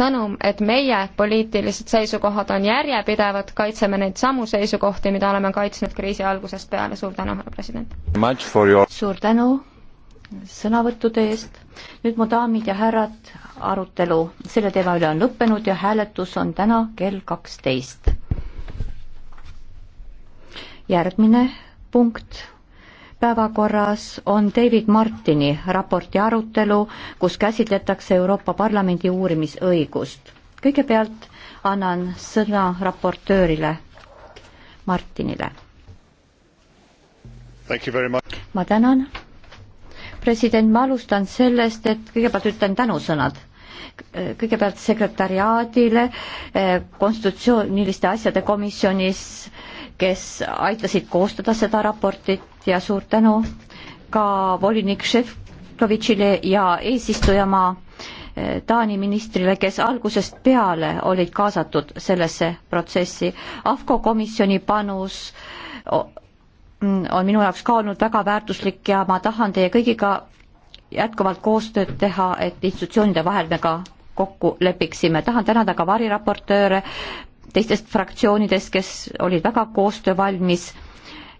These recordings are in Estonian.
sõnum, et meie poliitilised seisukohad on järjepidevad, kaitseme neid samu seisukohti, mida oleme kaitsnud kriisi algusest peale, suur tänu, härra president! Your... suur tänu sõnavõttude eest, nüüd mu daamid ja härrad, arutelu selle teema üle on lõppenud ja hääletus on täna kell kaksteist. järgmine punkt päevakorras on David Martini raporti arutelu, kus käsitletakse Euroopa Parlamendi uurimisõigust. kõigepealt annan sõna raportöörile Martinile. ma tänan. president, ma alustan sellest, et kõigepealt ütlen tänusõnad kõigepealt sekretariaadile, eh, konstitutsiooniliste asjade komisjonis äh, kes aitasid koostada seda raportit ja suur tänu ka volinik Šefkovitšile ja eesistujamaa eh, Taani ministrile, kes algusest peale olid kaasatud sellesse protsessi. AFCO komisjoni panus mm, on minu jaoks ka olnud väga väärtuslik ja ma tahan teie kõigiga jätkuvalt koostööd teha, et institutsioonide vahel me ka kokku lepiksime. tahan tänada ka variraportööre, teistest fraktsioonidest, kes olid väga koostöövalmis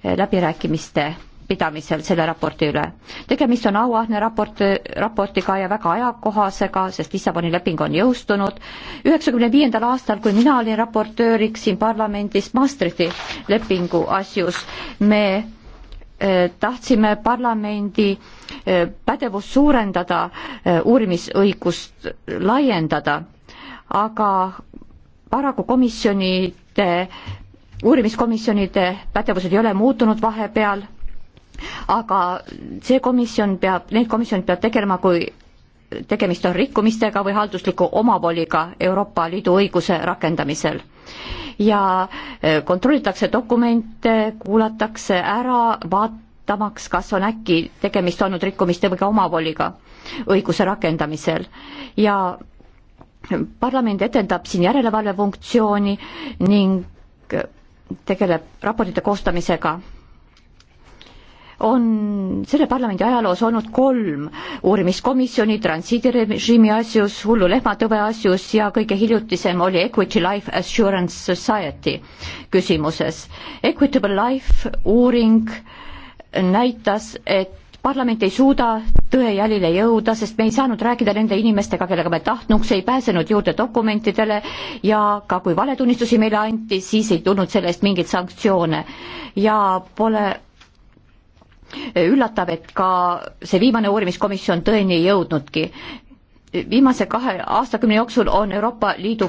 eh, läbirääkimiste pidamisel selle raporti üle. tegemist on auahne raport, raportiga ja väga ajakohasega, sest Lissaboni leping on jõustunud. üheksakümne viiendal aastal, kui mina olin raportööriks siin parlamendis Maastrichti lepingu asjus, me eh, tahtsime parlamendi eh, pädevust suurendada, uurimisõigust laiendada, aga paraku komisjonide, uurimiskomisjonide pädevused ei ole muutunud vahepeal, aga see komisjon peab, need komisjonid peavad tegelema, kui tegemist on rikkumistega või haldusliku omavoliga Euroopa Liidu õiguse rakendamisel. ja eh, kontrollitakse dokumente, kuulatakse ära, vaatamaks, kas on äkki tegemist olnud rikkumiste või ka omavoliga õiguse rakendamisel ja parlament etendab siin järelevalvefunktsiooni ning tegeleb raportite koostamisega. on selle parlamendi ajaloos olnud kolm uurimiskomisjoni transiidirežiimi asjus, hullu lehmatõve asjus ja kõige hiljutisem oli Equity Life Assurance Society küsimuses. Equitable Life uuring näitas, et parlament ei suuda tõe jälile jõuda, sest me ei saanud rääkida nende inimestega, kellega me tahtnuks, ei pääsenud juurde dokumentidele ja ka kui valetunnistusi meile anti, siis ei tulnud selle eest mingeid sanktsioone ja pole üllatav, et ka see viimane uurimiskomisjon tõeni ei jõudnudki. viimase kahe aastakümne jooksul on Euroopa Liidu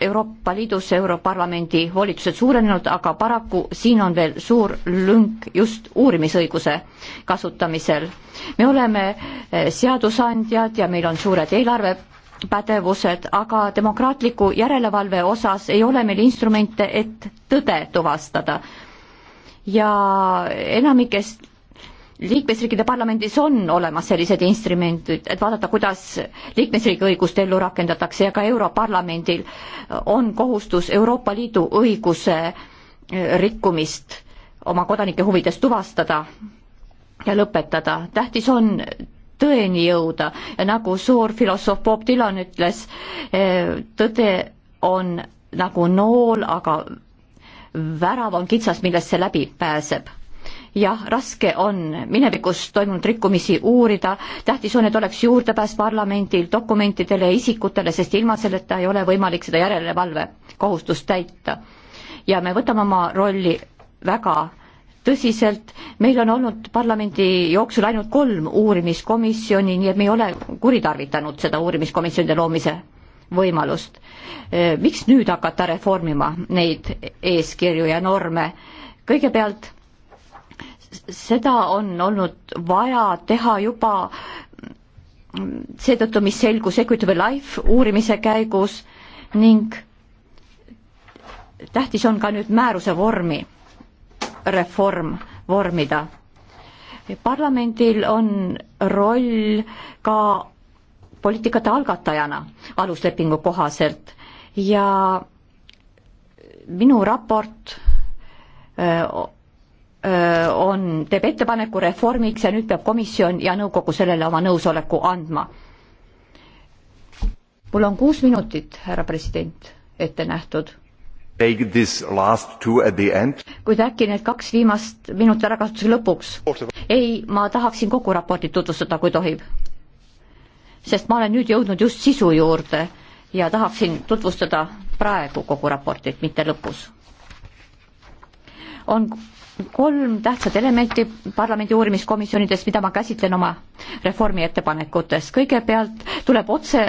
Euroopa Liidus Europarlamendi volitused suurenenud, aga paraku siin on veel suur lünk just uurimisõiguse kasutamisel. me oleme eh, seadusandjad ja meil on suured eelarvepädevused, aga demokraatliku järelevalve osas ei ole meil instrumente, et tõde tuvastada. ja enamikest liikmesriikide parlamendis on olemas sellised instrumendid, et vaadata, kuidas liikmesriigi õigust ellu rakendatakse ja ka Europarlamendil on kohustus Euroopa Liidu õiguse eh, rikkumist oma kodanike huvides tuvastada ja lõpetada. tähtis on tõeni jõuda ja nagu suur filosoof Bob Dylan ütles, eh, tõde on nagu nool, aga värav on kitsas, millest see läbi pääseb jah, raske on minevikus toimunud rikkumisi uurida, tähtis on, et oleks juurdepääs parlamendil dokumentidele ja isikutele, sest ilma selleta ei ole võimalik seda järelevalvekohustust täita. ja me võtame oma rolli väga tõsiselt, meil on olnud parlamendi jooksul ainult kolm uurimiskomisjoni, nii et me ei ole kuritarvitanud seda uurimiskomisjonide loomise võimalust. E, miks nüüd hakata reformima neid eeskirju ja norme? kõigepealt seda on olnud vaja teha juba seetõttu, mis selgus Equitable Life uurimise käigus ning tähtis on ka nüüd määruse vormi, reform vormida. parlamendil on roll ka poliitikate algatajana aluslepingu kohaselt ja minu raport öö, on, teeb ettepaneku reformiks ja nüüd peab komisjon ja nõukogu sellele oma nõusoleku andma. mul on kuus minutit, härra president, ette nähtud. kuid äkki need kaks viimast minuti ärakasutuse lõpuks? ei, ma tahaksin kogu raportit tutvustada, kui tohib. sest ma olen nüüd jõudnud just sisu juurde ja tahaksin tutvustada praegu kogu raportit, mitte lõpus. on kolm tähtsat elementi parlamendi uurimiskomisjonides, mida ma käsitlen oma reformi ettepanekutes. kõigepealt tuleb otse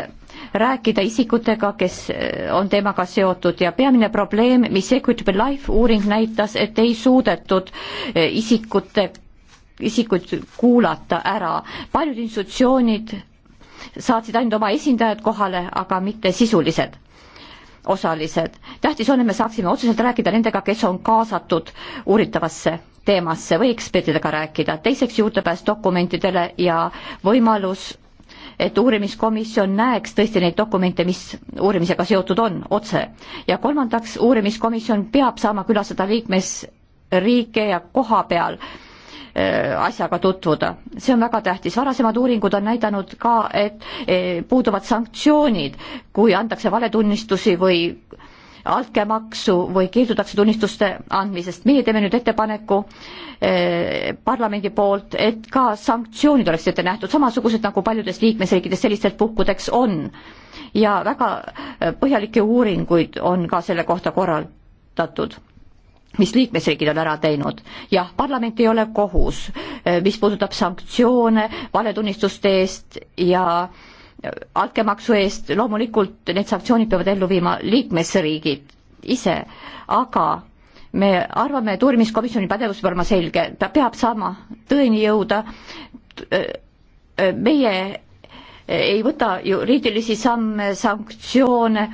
rääkida isikutega, kes eh, on teemaga seotud ja peamine probleem, mis Equitable Life uuring näitas, et ei suudetud eh, isikute, isikuid kuulata ära. paljud institutsioonid saatsid ainult oma esindajad kohale, aga mitte sisulised osalised. tähtis on, et me saaksime otseselt rääkida nendega, kes on kaasatud uuritavasse teemasse või ekspertidega rääkida. teiseks juurdepääs dokumentidele ja võimalus et uurimiskomisjon näeks tõesti neid dokumente, mis uurimisega seotud on, otse. ja kolmandaks, uurimiskomisjon peab saama külastada liikmesriike ja koha peal äh, Äh, asjaga tutvuda. see on väga tähtis, varasemad uuringud on näidanud ka, et äh, puuduvad sanktsioonid, kui antakse valetunnistusi või altkäemaksu või keeldutakse tunnistuste andmisest. meie teeme nüüd ettepaneku eh, parlamendi poolt, et ka sanktsioonid oleks ette nähtud, samasugused nagu paljudes liikmesriikides sellistelt puhkudeks on. ja väga põhjalikke uuringuid on ka selle kohta korraldatud mis liikmesriigid on ära teinud. jah, parlament ei ole kohus, eh, mis puudutab sanktsioone valetunnistuste eest ja eh, altkäemaksu eest, loomulikult need sanktsioonid peavad ellu viima liikmesriigid ise, aga me arvame, et uurimiskomisjoni pädevus peab olema selge, ta peab saama tõeni jõuda, eh, meie ei võta juriidilisi samme, sanktsioone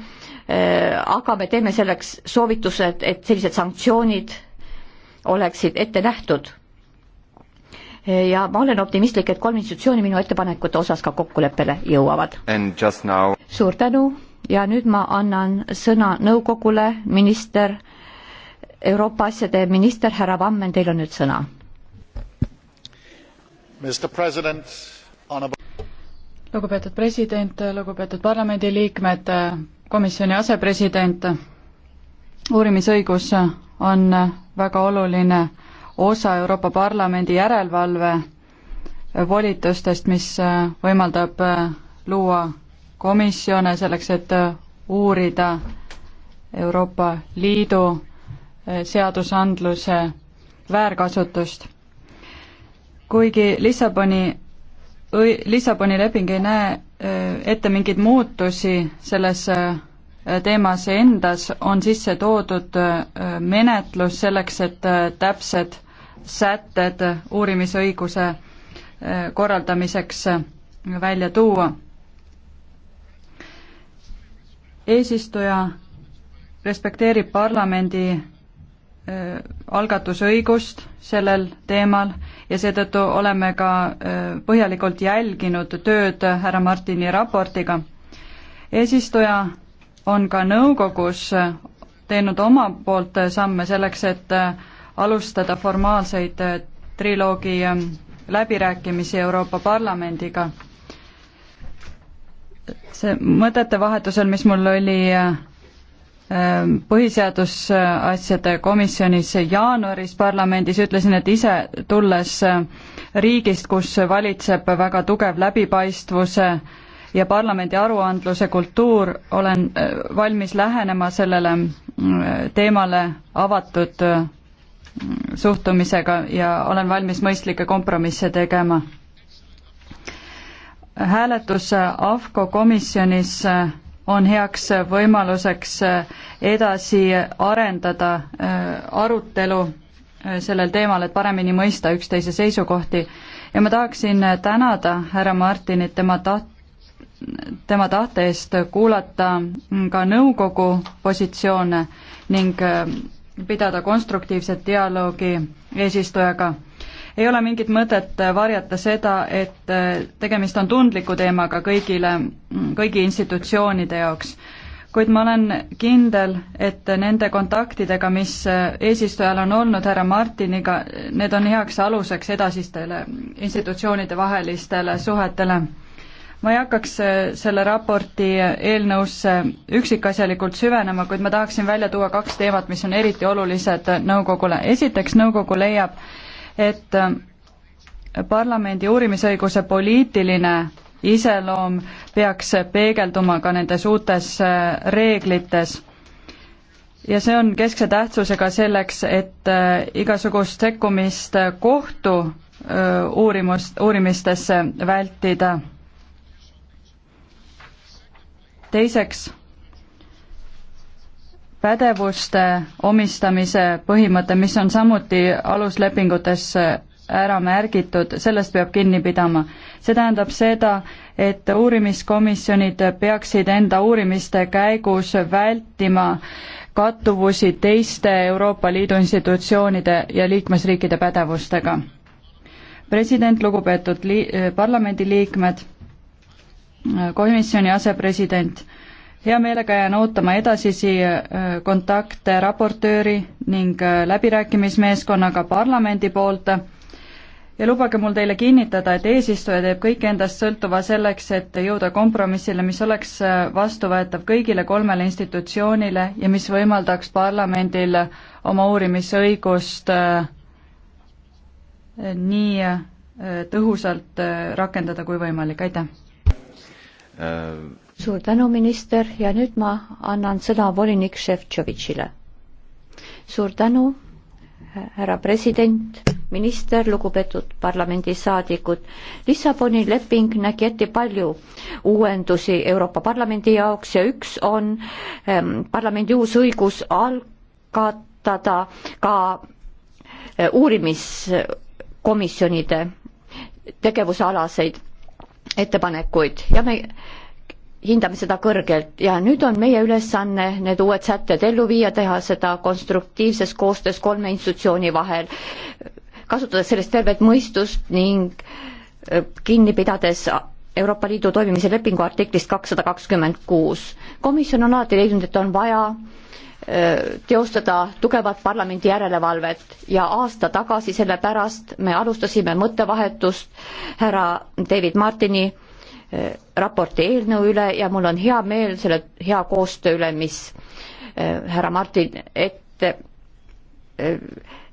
Äh, aga me teeme selleks soovitused, et sellised sanktsioonid oleksid ette nähtud. Äh, ja ma olen optimistlik, et kolm institutsiooni minu ettepanekute osas ka kokkuleppele jõuavad. Now... suur tänu ja nüüd ma annan sõna nõukogule, minister, Euroopa asjade minister härra Vammen, teil on nüüd sõna. lugupeetud president, lugupeetud parlamendiliikmed, komisjoni asepresident, uurimisõigus on väga oluline osa Euroopa Parlamendi järelevalve volitustest, mis võimaldab luua komisjone selleks, et uurida Euroopa Liidu seadusandluse väärkasutust. kuigi Lissaboni, Lissaboni leping ei näe ette mingeid muutusi selles äh, teemas endas, on sisse toodud äh, menetlus selleks, et äh, täpsed sätted uurimisõiguse korraldamiseks välja tuua. eesistuja respekteerib parlamendi Äh, algatusõigust sellel teemal ja seetõttu oleme ka äh, põhjalikult jälginud tööd härra Martini raportiga. eesistuja on ka nõukogus teinud oma poolt samme selleks, et äh, alustada formaalseid triloogi läbirääkimisi Euroopa Parlamendiga. see mõtete vahetusel, mis mul oli Ehm, põhiseadusasjade komisjonis jaanuaris parlamendis, ütlesin, et ise tulles ehm, riigist, kus valitseb väga tugev läbipaistvuse ja parlamendi aruandluse kultuur, olen ehm, valmis lähenema sellele teemale avatud suhtumisega ja olen valmis mõistlikke kompromisse tegema. hääletus AFCO komisjonis on heaks võimaluseks äh, edasi arendada äh, arutelu äh, sellel teemal, et paremini mõista üksteise seisukohti. ja ma tahaksin tänada härra Martinit tema taht-, tema tahte eest kuulata ka nõukogu positsioone ning pidada konstruktiivset dialoogi eesistujaga ei ole mingit mõtet varjata seda, et äh, tegemist on tundliku teemaga kõigile, mm, kõigi institutsioonide jaoks. kuid ma olen kindel, et nende kontaktidega, mis äh, eesistujal on olnud härra Martiniga, need on heaks aluseks edasistele institutsioonide vahelistele suhetele ma ei hakkaks äh, selle raporti eelnõusse üksikasjalikult süvenema, kuid ma tahaksin välja tuua kaks teemat, mis on eriti olulised nõukogule. esiteks, nõukogu leiab, et äh, parlamendi uurimisõiguse poliitiline iseloom peaks peegelduma ka nendes uutes äh, reeglites. ja see on keskse tähtsusega selleks, et äh, igasugust sekkumist kohtu uurimust, uurimistesse vältida. teiseks pädevuste omistamise põhimõte, mis on samuti aluslepingutes ära märgitud, sellest peab kinni pidama. see tähendab seda, et uurimiskomisjonid peaksid enda uurimiste käigus vältima kattuvusi teiste Euroopa Liidu institutsioonide ja liikmesriikide pädevustega. president, lugupeetud li-, parlamendiliikmed, komisjoni asepresident hea meelega jään ootama edasisi äh, kontakte raportööri ning äh, läbirääkimismeeskonnaga parlamendi poolt ja lubage mul teile kinnitada, et eesistuja teeb kõik endast sõltuva selleks, et jõuda kompromissile, mis oleks äh, vastuvõetav kõigile kolmele institutsioonile ja mis võimaldaks parlamendil oma uurimisõigust nii tõhusalt rakendada kui võimalik, aitäh! suur tänu, minister, ja nüüd ma annan sõna volinik Šefčovitšile. suur tänu, härra president, minister, lugupeetud parlamendisaadikud. Lissaboni leping nägi ette palju uuendusi Euroopa Parlamendi jaoks ja üks on ähm, parlamendi uus õigus algatada ka äh, uurimiskomisjonide tegevusalaseid ettepanekuid ja me hindame seda kõrgelt ja nüüd on meie ülesanne need uued sätted ellu viia, teha seda konstruktiivses koostöös kolme institutsiooni vahel, kasutades sellest tervet mõistust ning kinni pidades Euroopa Liidu toimimise lepingu artiklist kakssada kakskümmend kuus. komisjon on alati leidnud, et on vaja teostada tugevat parlamendi järelevalvet ja aasta tagasi selle pärast me alustasime mõttevahetust härra David Martini raporti eelnõu üle ja mul on hea meel selle hea koostöö üle, mis äh, härra Martin ette äh,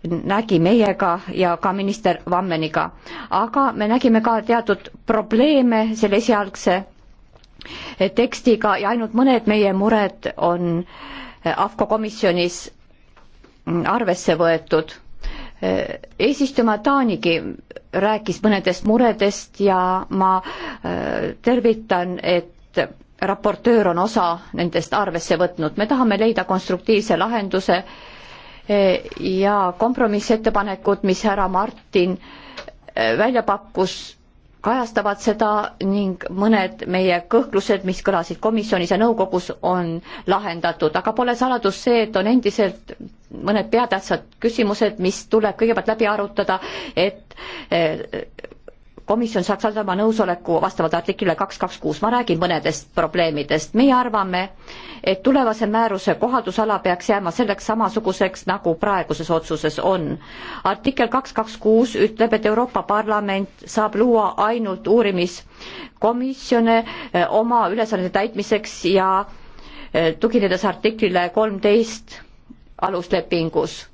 nägi meiega ja ka minister Vammeniga. aga me nägime ka teatud probleeme selle esialgse äh, tekstiga ja ainult mõned meie mured on AFCO komisjonis mm, arvesse võetud Äh, eesistuma Taanigi rääkis mõnedest muredest ja ma äh, tervitan, et raportöör on osa nendest arvesse võtnud. me tahame leida konstruktiivse lahenduse äh, ja kompromissettepanekud, mis härra Martin välja pakkus, kajastavad seda ning mõned meie kõhklused, mis kõlasid komisjonis ja nõukogus, on lahendatud, aga pole saladus see, et on endiselt mõned peatähtsad küsimused, mis tuleb kõigepealt läbi arutada, et eh, komisjon saaks anda oma nõusoleku vastavalt artiklile kaks kaks kuus. ma räägin mõnedest probleemidest. meie arvame, et tulevase määruse kohaldusala peaks jääma selleks samasuguseks, nagu praeguses otsuses on. artikkel kaks kaks kuus ütleb, et Euroopa Parlament saab luua ainult uurimiskomisjone eh, oma ülesannete täitmiseks ja eh, tuginedes artiklile kolmteist aluslepingus.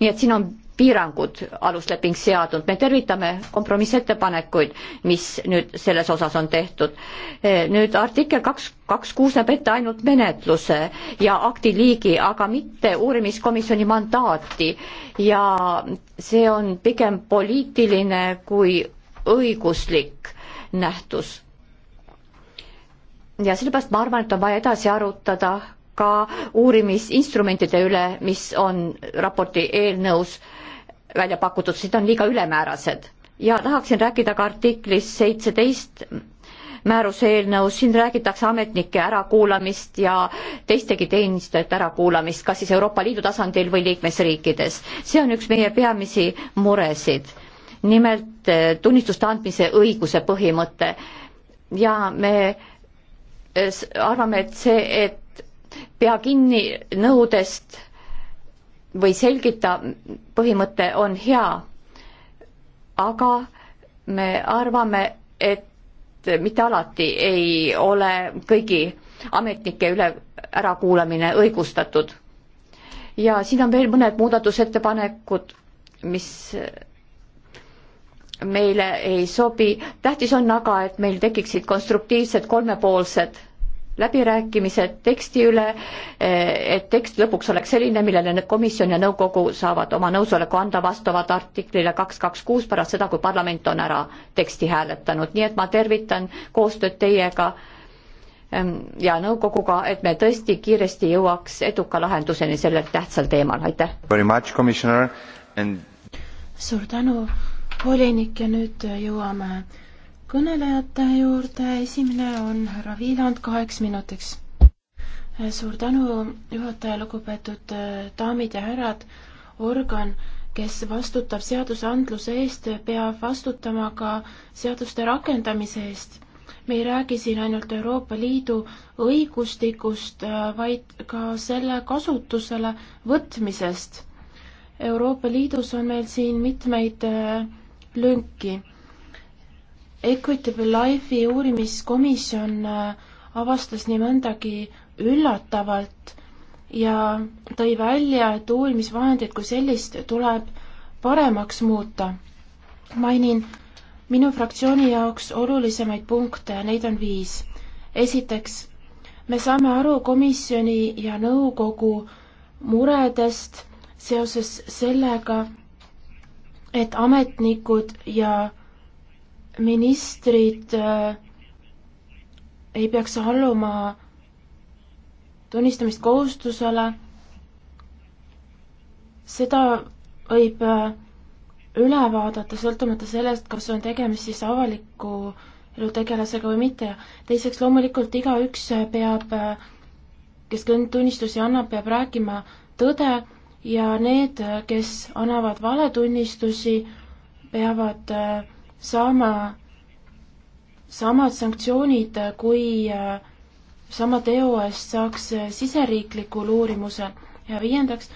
nii et siin on piirangud alusleping seadnud, me tervitame kompromissettepanekuid, mis nüüd selles osas on tehtud. E, nüüd artikkel kaks, kaks kuus näeb ette ainult menetluse ja akti liigi, aga mitte uurimiskomisjoni mandaati ja see on pigem poliitiline kui õiguslik nähtus. ja sellepärast ma arvan, et on vaja edasi arutada ka uurimisinstrumentide üle, mis on raporti eelnõus äh, välja pakutud, sest on liiga ülemäärased. ja tahaksin rääkida ka artiklist seitseteist määruse eelnõus, siin räägitakse ametnike ärakuulamist ja teistegi teenistujate ärakuulamist, kas siis Euroopa Liidu tasandil või liikmesriikides. see on üks meie peamisi muresid. nimelt eh, tunnistuste andmise õiguse põhimõte ja me eh, arvame, et see, et pea kinni nõudest või selgita põhimõte on hea, aga me arvame, et mitte alati ei ole kõigi ametnike üle ärakuulamine õigustatud. ja siin on veel mõned muudatusettepanekud, mis meile ei sobi. tähtis on aga, et meil tekiksid konstruktiivsed kolmepoolsed läbirääkimised teksti üle, et tekst lõpuks oleks selline, millele komisjon ja nõukogu saavad oma nõusoleku anda vastavalt artiklile kaks kaks kuus pärast seda, kui parlament on ära teksti hääletanud, nii et ma tervitan koostööd teiega ähm, ja nõukoguga, et me tõesti kiiresti jõuaks eduka lahenduseni sellel tähtsal teemal, aitäh! And... suur tänu, volinik, ja nüüd jõuame kõnelejate juurde, esimene on härra Viiland kaheks minutiks. suur tänu, juhataja, lugupeetud äh, daamid ja härrad, organ, kes vastutab seadusandluse eest, peab vastutama ka seaduste rakendamise eest. me ei räägi siin ainult Euroopa Liidu õigustikust, äh, vaid ka selle kasutusele võtmisest. Euroopa Liidus on meil siin mitmeid äh, lünki Equitable Life'i uurimiskomisjon äh, avastas nii mõndagi üllatavalt ja tõi välja, et uurimisvahendit kui sellist tuleb paremaks muuta. mainin minu fraktsiooni jaoks olulisemaid punkte ja neid on viis. esiteks, me saame aru komisjoni ja nõukogu muredest seoses sellega, et ametnikud ja ministrid äh, ei peaks alluma tunnistamist kohustusele, seda võib äh, üle vaadata, sõltumata sellest, kas on tegemist siis avaliku elutegelasega või mitte ja teiseks loomulikult igaüks peab, äh, kes tunnistusi annab, peab rääkima tõde ja need, kes annavad valetunnistusi, peavad saama samad sanktsioonid, kui äh, sama teo eest saaks äh, siseriiklikul uurimusel. ja viiendaks,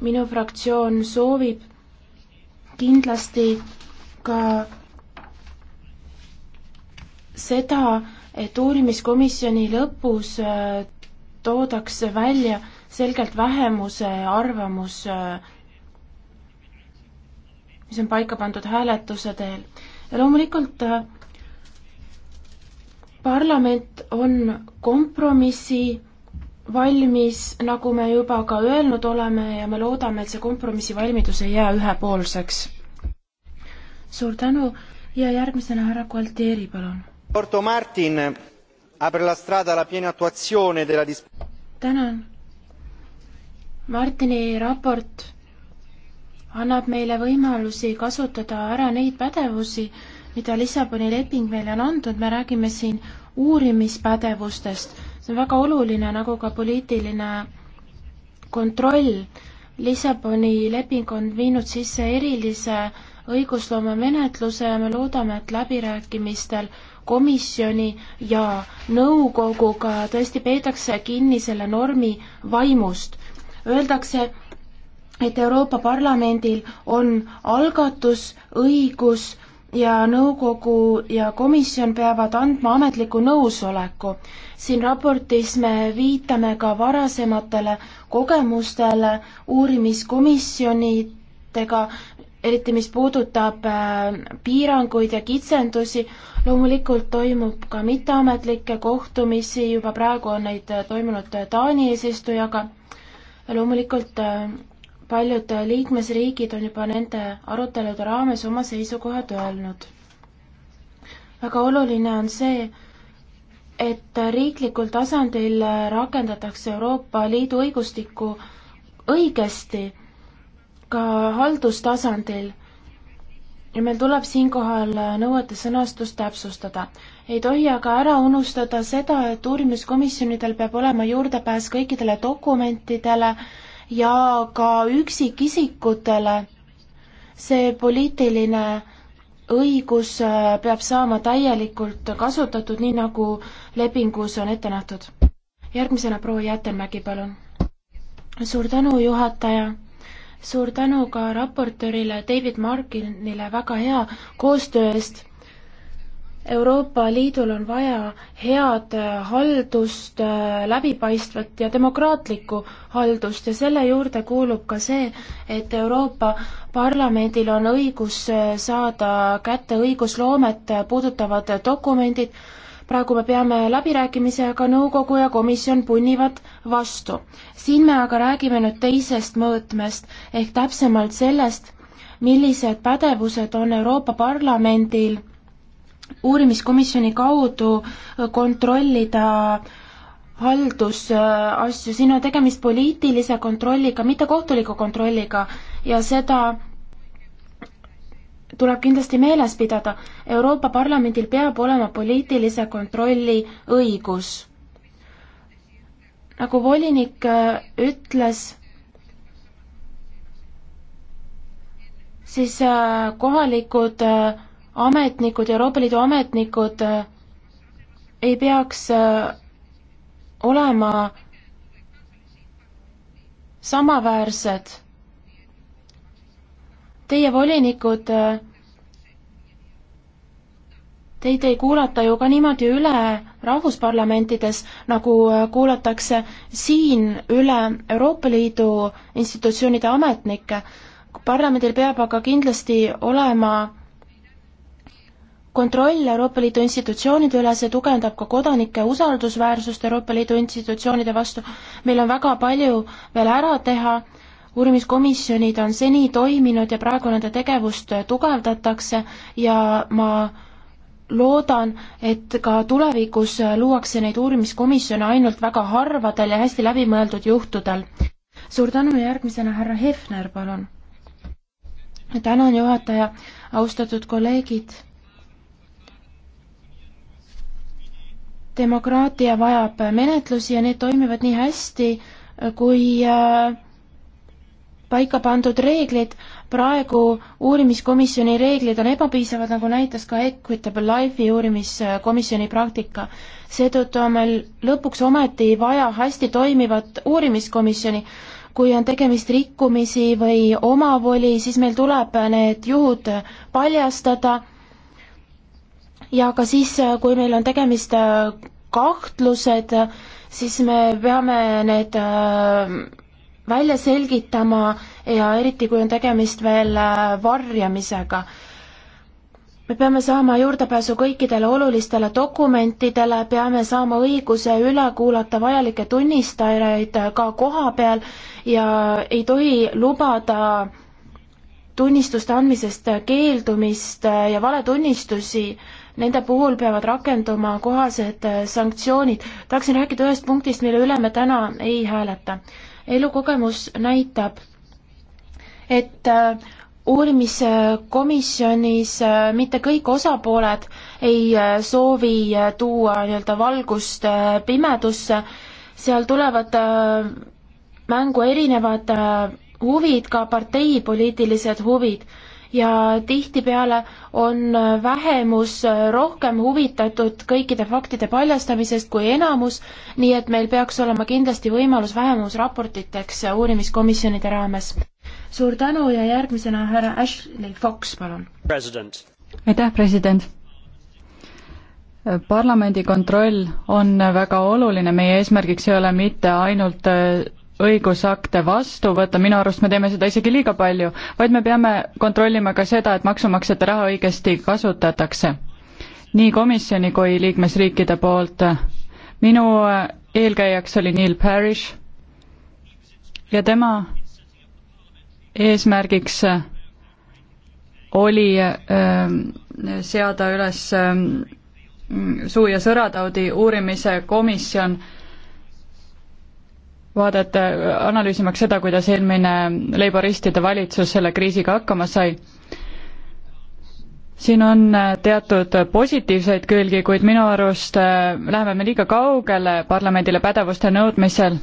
minu fraktsioon soovib kindlasti ka seda, et uurimiskomisjoni lõpus äh, toodaks välja selgelt vähemuse arvamus, mis on paika pandud hääletuse teel. ja loomulikult parlament on kompromissi valmis, nagu me juba ka öelnud oleme ja me loodame, et see kompromissivalmidus ei jää ühepoolseks. suur tänu ja järgmisena härra Gualtieri, palun. Porto Martin apre la strada alla piena attuazione della dis-. tänan. Martini raport annab meile võimalusi kasutada ära neid pädevusi, mida Lissaboni leping meile on andnud, me räägime siin uurimispädevustest, see on väga oluline, nagu ka poliitiline kontroll. Lissaboni leping on viinud sisse erilise õigusloome menetluse ja me loodame, et läbirääkimistel komisjoni ja nõukoguga tõesti peetakse kinni selle normi vaimust. Öeldakse, et Euroopa Parlamendil on algatusõigus ja nõukogu ja komisjon peavad andma ametliku nõusoleku. siin raportis me viitame ka varasematele kogemustele uurimiskomisjonidega, eriti mis puudutab äh, piiranguid ja kitsendusi. loomulikult toimub ka mitteametlikke kohtumisi, juba praegu on neid äh, toimunud äh, Taani eesistujaga. loomulikult paljud liikmesriigid on juba nende arutelude raames oma seisukohad öelnud. väga oluline on see, et riiklikul tasandil rakendatakse Euroopa Liidu õigustikku õigesti ka haldustasandil ja meil tuleb siinkohal nõuete sõnastust täpsustada. ei tohi aga ära unustada seda, et uurimiskomisjonidel peab olema juurdepääs kõikidele dokumentidele, ja ka üksikisikutele. see poliitiline õigus äh, peab saama täielikult kasutatud, nii nagu lepingus on ette nähtud. järgmisena proua Jäätemägi, palun. suur tänu, juhataja suur tänu ka raportöörile David Markinile väga hea koostöö eest Euroopa Liidul on vaja head äh, haldust, äh, läbipaistvat ja demokraatlikku haldust ja selle juurde kuulub ka see, et Euroopa Parlamendil on õigus äh, saada kätte õigusloomet puudutavad dokumendid, praegu me peame läbirääkimisi, aga nõukogu ja komisjon punnivad vastu. siin me aga räägime nüüd teisest mõõtmest ehk täpsemalt sellest, millised pädevused on Euroopa Parlamendil uurimiskomisjoni kaudu äh, kontrollida äh, haldusasju, siin on tegemist poliitilise kontrolliga, mitte kohtuliku kontrolliga ja seda tuleb kindlasti meeles pidada. Euroopa Parlamendil peab olema poliitilise kontrolli õigus. nagu volinik äh, ütles, siis kohalikud äh, ametnikud, Euroopa Liidu ametnikud äh, ei peaks äh, olema samaväärsed. Teie volinikud, äh, teid ei kuulata ju ka niimoodi üle rahvusparlamentides, nagu kuulatakse siin üle Euroopa Liidu institutsioonide ametnikke. parlamendil peab aga kindlasti olema kontroll Euroopa Liidu institutsioonide üle, see tugevdab ka kodanike usaldusväärsust Euroopa Liidu institutsioonide vastu. meil on väga palju veel ära teha, uurimiskomisjonid on seni toiminud ja praegu nende tegevust tugevdatakse ja ma loodan, et ka tulevikus luuakse neid uurimiskomisjone ainult väga harvadel ja hästi läbimõeldud juhtudel. suur tänu ja järgmisena härra Hefner, palun. tänan, juhataja, austatud kolleegid demokraatia vajab menetlusi ja need toimivad nii hästi, kui äh, paika pandud reeglid, praegu uurimiskomisjoni reeglid on ebapiisavad, nagu näitas ka Equitable Life'i uurimiskomisjoni praktika. seetõttu on meil lõpuks ometi vaja hästi toimivat uurimiskomisjoni. kui on tegemist rikkumisi või omavoli, siis meil tuleb need juhud paljastada ja ka siis, äh, kui meil on tegemist äh, kahtlused, äh, siis me peame need välja selgitama ja eriti, kui on tegemist veel varjamisega. me peame saama juurdepääsu kõikidele olulistele dokumentidele, peame saama õiguse üle kuulata vajalikke tunnistajaid ka koha peal ja ei tohi lubada tunnistuste andmisest keeldumist ja valetunnistusi äh, nende puhul peavad rakenduma kohased äh, sanktsioonid. tahaksin rääkida ühest punktist, mille üle me täna ei hääleta. elukogemus näitab, et äh, uurimiskomisjonis äh, mitte kõik osapooled ei soovi tuua nii-öelda valgust pimedusse, seal tulevad mängu erinevad huvid, ka parteipoliitilised huvid ja tihtipeale on vähemus rohkem huvitatud kõikide faktide paljastamisest kui enamus, nii et meil peaks olema kindlasti võimalus vähemusraportiteks uurimiskomisjonide raames. suur tänu ja järgmisena härra Ashley Fox, palun. aitäh, president parlamendi kontroll on väga oluline, meie eesmärgiks ei ole mitte ainult õigusakte vastu võtta, minu arust me teeme seda isegi liiga palju, vaid me peame kontrollima ka seda, et maksumaksjate raha õigesti kasutatakse. nii komisjoni kui liikmesriikide poolt. minu äh, eelkäijaks oli Neil Parish ja tema eesmärgiks äh, oli äh, seada üles äh, suu- ja sõrataudi uurimise komisjon äh, vaadet, analüüsimaks seda, kuidas eelmine leiboristide valitsus selle kriisiga hakkama sai. siin on teatud positiivseid külgi, kuid minu arust äh, läheme me liiga kaugele parlamendile pädevuste nõudmisel.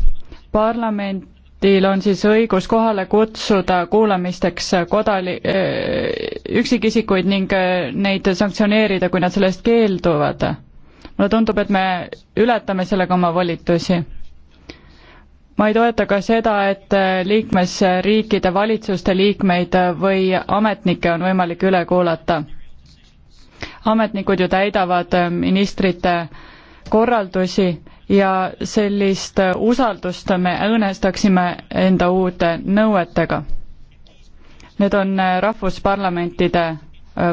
parlamendil on siis õigus kohale kutsuda kuulamisteks kodali-, äh, üksikisikuid ning äh, neid sanktsioneerida, kui nad sellest keelduvad. mulle tundub, et me ületame sellega oma volitusi ma ei toeta ka seda, et äh, liikmesriikide valitsuste liikmeid äh, või ametnikke on võimalik üle kuulata. ametnikud ju täidavad äh, ministrite korraldusi ja sellist usaldust me õõnestaksime enda uute nõuetega. Need on rahvusparlamentide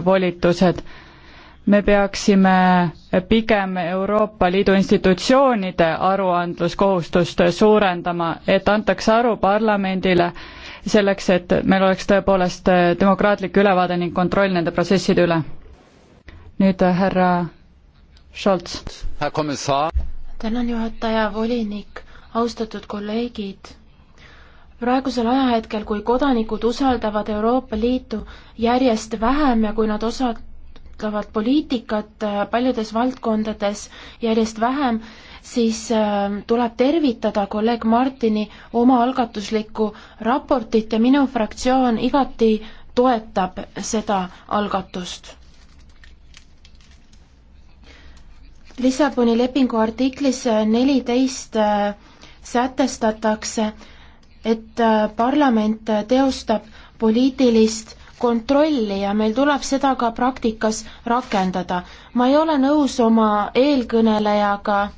volitused me peaksime pigem Euroopa Liidu institutsioonide aruandluskohustust suurendama, et antaks aru parlamendile selleks, et meil oleks tõepoolest demokraatlik ülevaade ning kontroll nende protsesside üle. nüüd härra Scholz. tänan, juhataja, volinik, austatud kolleegid praegusel ajahetkel, kui kodanikud usaldavad Euroopa Liitu järjest vähem ja kui nad osa-, puudutavat poliitikat äh, paljudes valdkondades järjest vähem, siis äh, tuleb tervitada kolleeg Martini omaalgatuslikku raportit ja minu fraktsioon igati toetab seda algatust. Lissaboni lepingu artiklis neliteist äh, sätestatakse, et parlament teostab poliitilist kontrolli ja meil tuleb seda ka praktikas rakendada. ma ei ole nõus oma eelkõnelejaga,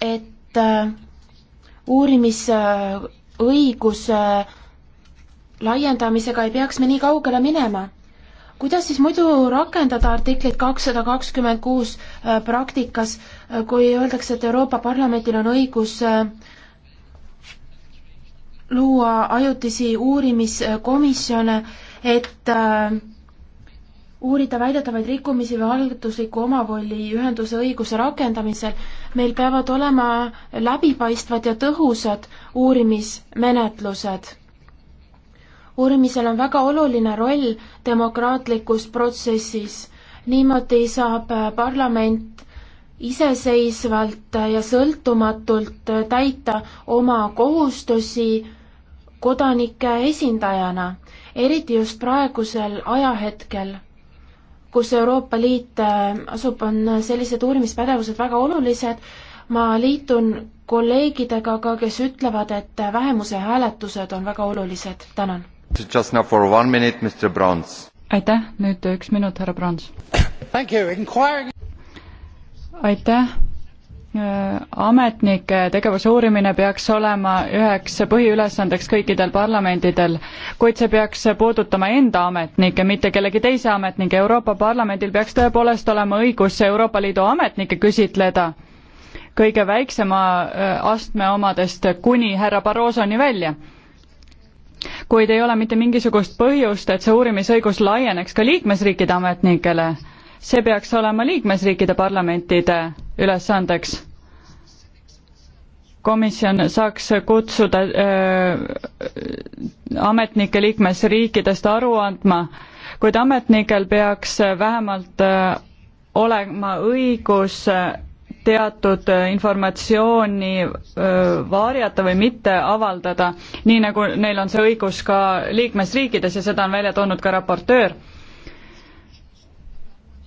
et äh, uurimisõiguse äh, laiendamisega ei peaks me nii kaugele minema. kuidas siis muidu rakendada artiklit kakssada kakskümmend kuus äh, praktikas, kui öeldakse, et Euroopa Parlamendil on õigus luua ajutisi uurimiskomisjone et äh, uurida väidetavaid rikkumisi või algatusliku omavoli ühenduse õiguse rakendamisel, meil peavad olema läbipaistvad ja tõhusad uurimismenetlused. uurimisel on väga oluline roll demokraatlikus protsessis, niimoodi saab äh, parlament iseseisvalt ja sõltumatult äh, täita oma kohustusi kodanike esindajana eriti just praegusel ajahetkel, kus Euroopa Liit äh, asub, on äh, sellised uurimispädevused väga olulised, ma liitun kolleegidega ka, kes ütlevad, et äh, vähemuse hääletused on väga olulised, tänan. aitäh, nüüd üks minut, härra Brons. aitäh Äh, ametnike tegevuse uurimine peaks olema üheks põhiülesandeks kõikidel parlamentidel, kuid see peaks puudutama enda ametnikke, mitte kellegi teise ametnikke. Euroopa Parlamendil peaks tõepoolest olema õigus Euroopa Liidu ametnikke küsitleda kõige väiksema äh, astme omadest kuni härra Barrosoni välja. kuid ei ole mitte mingisugust põhjust, et see uurimisõigus laieneks ka liikmesriikide ametnikele see peaks olema liikmesriikide parlamentide ülesandeks. komisjon saaks kutsuda äh, ametnikke liikmesriikidest aru andma, kuid ametnikel peaks vähemalt äh, olema õigus teatud informatsiooni varjata või mitte avaldada, nii nagu neil on see õigus ka liikmesriikides ja seda on välja toonud ka raportöör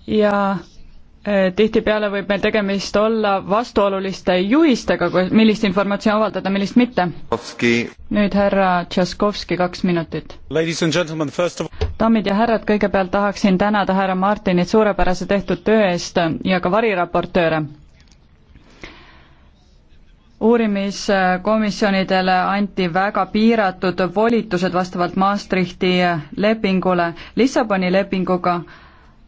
ja äh, tihtipeale võib meil tegemist olla vastuoluliste juhistega, millist informatsiooni avaldada, millist mitte. nüüd härra Tšaskovski, kaks minutit. daamid ja härrad, kõigepealt tahaksin tänada härra Martinit suurepärase tehtud töö eest ja ka variraportööre. uurimiskomisjonidele anti väga piiratud volitused vastavalt Maastrichti lepingule, Lissaboni lepinguga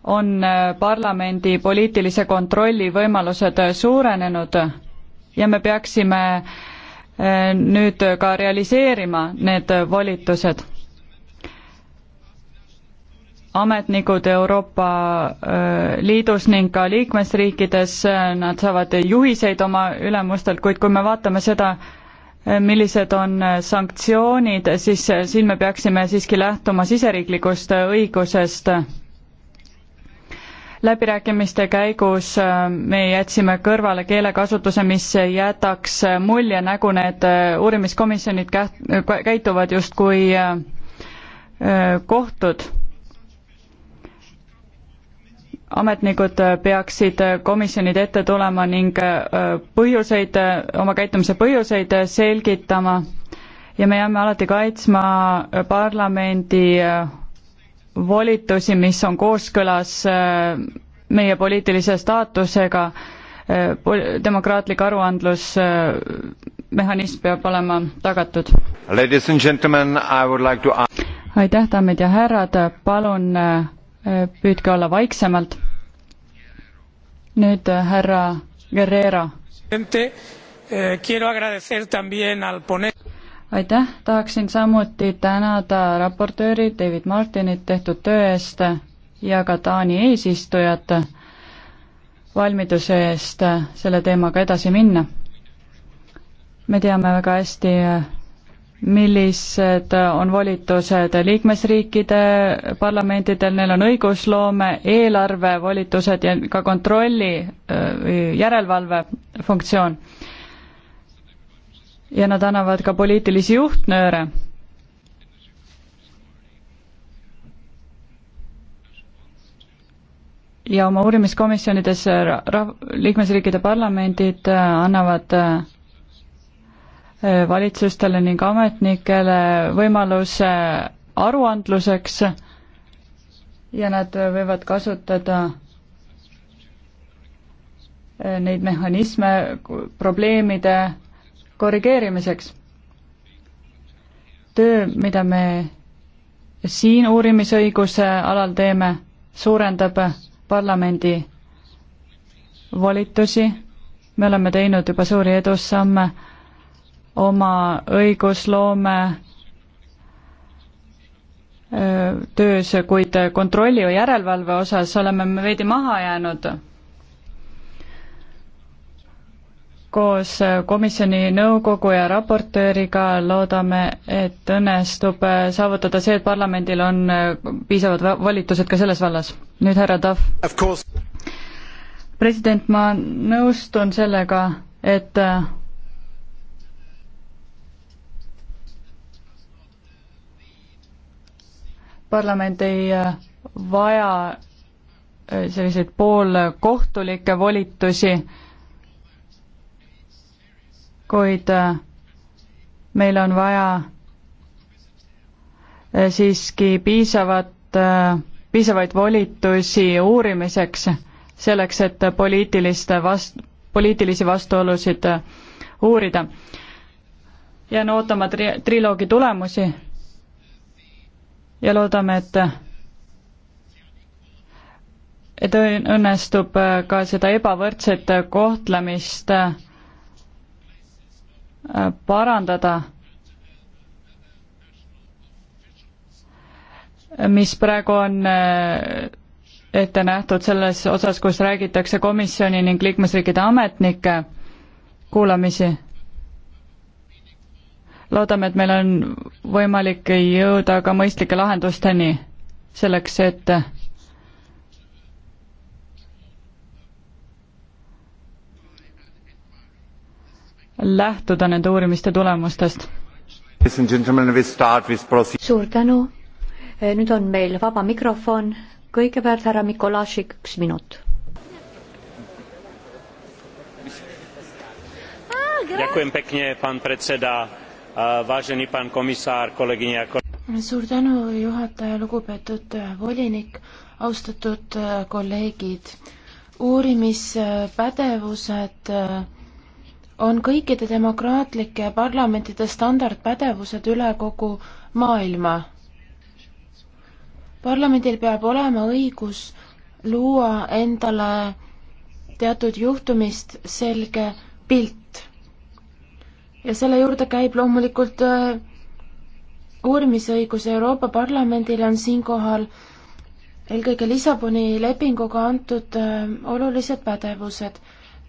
on äh, parlamendi poliitilise kontrolli võimalused äh, suurenenud ja me peaksime äh, nüüd ka realiseerima need volitused. ametnikud Euroopa Liidus ning ka liikmesriikides, nad saavad juhiseid oma ülemustelt, kuid kui me vaatame seda, millised on sanktsioonid, siis siin me peaksime siiski lähtuma siseriiklikust õigusest läbirääkimiste käigus äh, me jätsime kõrvale keelekasutuse, mis jätaks mulje, nagu need äh, uurimiskomisjonid käht-, äh, käituvad justkui kohtud. ametnikud peaksid komisjonide ette tulema ning põhjuseid, oma käitumise põhjuseid selgitama ja me jääme alati kaitsma parlamendi volitusi, mis on kooskõlas äh, meie poliitilise staatusega, äh, demokraatlik aruandlusmehhanism äh, peab olema tagatud. Like to... aitäh, daamid ja härrad, palun püüdke olla vaiksemalt. nüüd härra Guerrero. Eh, quiero agradecer también al ponente aitäh, tahaksin samuti tänada raportööri David Martinit tehtud töö eest ja ka Taani eesistujat valmiduse eest selle teemaga edasi minna. me teame väga hästi, millised on volitused liikmesriikide parlamentidel, neil on õigusloome, eelarve volitused ja ka kontrolli, äh, järelevalve funktsioon ja nad annavad ka poliitilisi juhtnööre. ja oma uurimiskomisjonides rah-, liikmesriikide parlamendid äh, annavad äh, valitsustele ning ametnikele võimaluse aruandluseks ja nad võivad kasutada äh, neid mehhanisme probleemide korrigeerimiseks. töö, mida me siin uurimisõiguse alal teeme, suurendab parlamendi volitusi, me oleme teinud juba suuri edussamme oma õigusloome töös, kuid kontrolli või järelevalve osas oleme me veidi maha jäänud koos komisjoni nõukogu ja raportööriga loodame, et õnnestub saavutada see, et parlamendil on piisavad volitused ka selles vallas. nüüd härra Tahv. president, ma nõustun sellega, et parlament ei vaja selliseid poolkohtulikke volitusi kuid äh, meil on vaja äh, siiski piisavat, äh, piisavaid volitusi uurimiseks, selleks et poliitiliste vast-, poliitilisi vastuolusid uurida. jään ootama tri-, triloogi tulemusi ja loodame, et et õnnestub ka seda ebavõrdset kohtlemist äh, Äh, parandada, mis praegu on äh, ette nähtud selles osas, kus räägitakse komisjoni ning liikmesriikide ametnike kuulamisi. loodame, et meil on võimalik jõuda ka mõistlike lahendusteni selleks, et lähtuda nende uurimiste tulemustest. suur tänu. Eh, nüüd on meil vaba mikrofon. kõigepealt härra Mikolašik, üks minut. Eh, suur tänu, juhataja, lugupeetud eh, volinik, austatud kolleegid. uurimispädevused äh, on kõikide demokraatlike parlamentide standardpädevused üle kogu maailma. parlamendil peab olema õigus luua endale teatud juhtumist selge pilt. ja selle juurde käib loomulikult äh, uurimisõigus Euroopa Parlamendile on siinkohal eelkõige Lissaboni lepinguga antud äh, olulised pädevused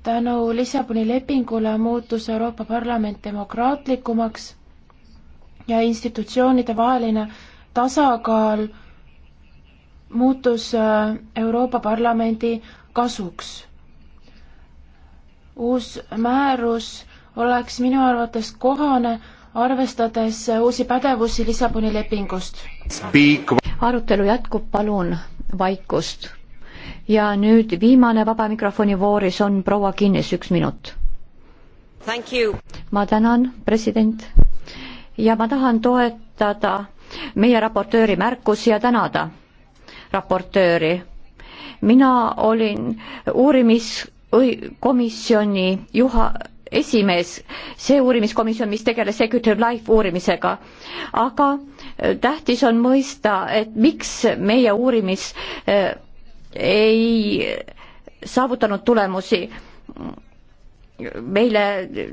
tänu Lissaboni lepingule muutus Euroopa Parlament demokraatlikumaks ja institutsioonide vaheline tasakaal muutus äh, Euroopa Parlamendi kasuks. uus määrus oleks minu arvates kohane, arvestades äh, uusi pädevusi Lissaboni lepingust. arutelu jätkub, palun vaikust ja nüüd viimane vaba mikrofoni vooris on proua Kinnis, üks minut. ma tänan, president, ja ma tahan toetada meie raportööri märkusi ja tänada raportööri. mina olin uurimiskomisjoni juha-, esimees, see uurimiskomisjon, mis tegeles Secretary Life uurimisega. aga tähtis on mõista, et miks meie uurimis ei saavutanud tulemusi. meile,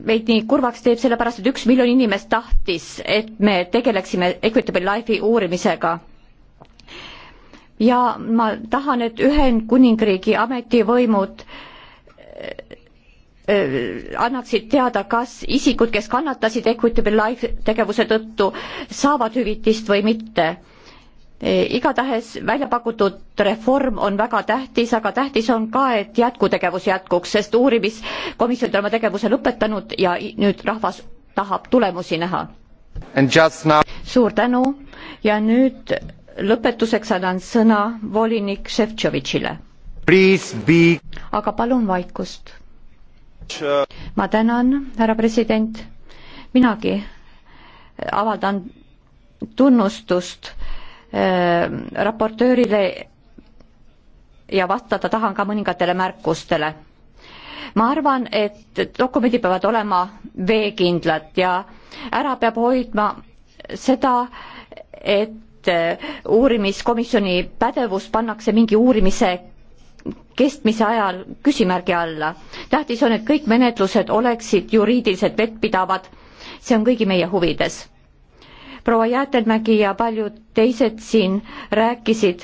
meid nii kurvaks teeb sellepärast, et üks miljon inimest tahtis, et me tegeleksime Equitable Life'i uurimisega. ja ma tahan, et Ühendkuningriigi ametivõimud äh, äh, annaksid teada, kas isikud, kes kannatasid Equitable Life tegevuse tõttu, saavad hüvitist või mitte Eh, igatahes välja pakutud reform on väga tähtis, aga tähtis on ka, et jätkutegevus jätkuks, sest uurimiskomisjonid on oma tegevuse lõpetanud ja nüüd rahvas tahab tulemusi näha. suur tänu ja nüüd lõpetuseks annan sõna volinik Šefčovitšile. aga palun vaikust. ma tänan, härra president, minagi avaldan tunnustust äh, Äh, raportöörile ja vastata tahan ka mõningatele märkustele. ma arvan, et dokumendid peavad olema veekindlad ja ära peab hoidma seda, et äh, uurimiskomisjoni pädevus pannakse mingi uurimise kestmise ajal küsimärgi alla. tähtis on, et kõik menetlused oleksid juriidiliselt vettpidavad. see on kõigi meie huvides proua Jäätelmägi ja paljud teised siin rääkisid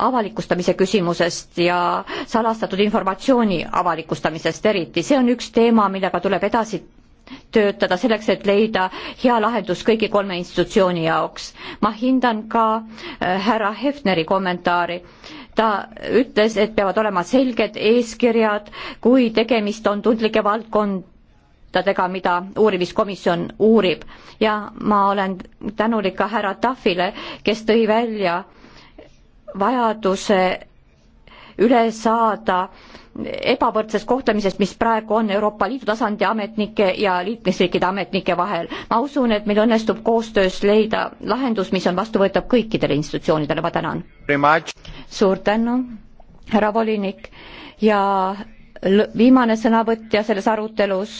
avalikustamise küsimusest ja salastatud informatsiooni avalikustamisest eriti, see on üks teema, millega tuleb edasi töötada selleks, et leida hea lahendus kõigi kolme institutsiooni jaoks. ma hindan ka äh, härra Hefneri kommentaari. ta ütles, et peavad olema selged eeskirjad, kui tegemist on tundlike valdkond, kohtadega, mida uurimiskomisjon uurib ja ma olen tänulik ka härra Tahvile, kes tõi välja vajaduse üle saada ebavõrdsest kohtlemisest, mis praegu on Euroopa Liidu tasandi ametnike ja liikmesriikide ametnike vahel. ma usun, et meil õnnestub koostöös leida lahendus, mis on vastuvõetav kõikidele institutsioonidele, ma tänan. suur tänu, härra volinik ja viimane sõnavõtja selles arutelus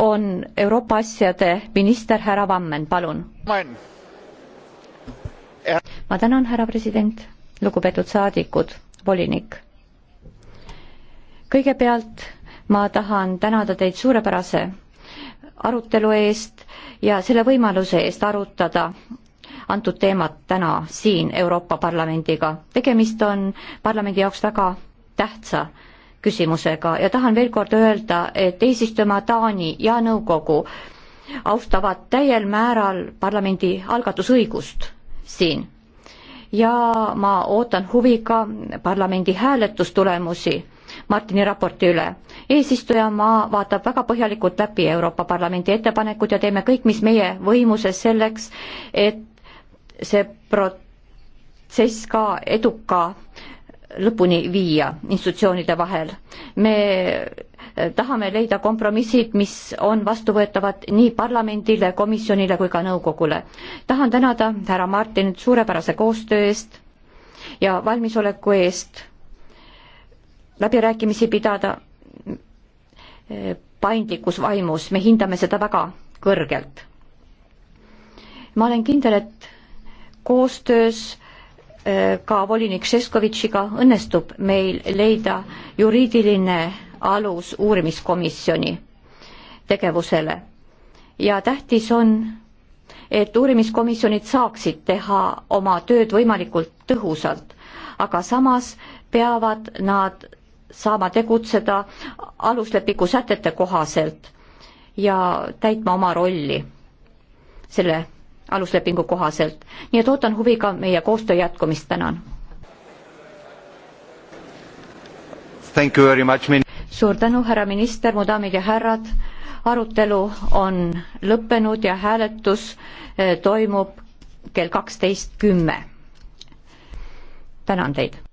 on Euroopa asjade minister härra Vammen, palun. ma tänan, härra president, lugupeetud saadikud, volinik. kõigepealt ma tahan tänada teid suurepärase arutelu eest ja selle võimaluse eest arutada antud teemat täna siin Euroopa Parlamendiga. tegemist on parlamendi jaoks väga tähtsa küsimusega ja tahan veel kord öelda, et eesistuma Taani ja nõukogu austavad täiel määral parlamendi algatusõigust siin. ja ma ootan huviga parlamendi hääletustulemusi Martini raporti üle. eesistujamaa vaatab väga põhjalikult läbi Euroopa Parlamendi ettepanekud ja teeme kõik, mis meie võimuses selleks, et see protsess ka eduka lõpuni viia institutsioonide vahel. me eh, tahame leida kompromissid, mis on vastuvõetavad nii parlamendile, komisjonile kui ka nõukogule. tahan tänada härra Martinit suurepärase koostöö eest ja valmisoleku eest läbirääkimisi pidada eh, paindlikus vaimus, me hindame seda väga kõrgelt. ma olen kindel, et koostöös ka volinik Šeskovitšiga õnnestub meil leida juriidiline alus uurimiskomisjoni tegevusele. ja tähtis on, et uurimiskomisjonid saaksid teha oma tööd võimalikult tõhusalt, aga samas peavad nad saama tegutseda aluslepingu sätete kohaselt ja täitma oma rolli selle aluslepingu kohaselt. nii et ootan huviga meie koostöö jätkumist, tänan. suur tänu, härra minister, mu daamid ja härrad, arutelu on lõppenud ja hääletus eh, toimub kell kaksteist kümme. tänan teid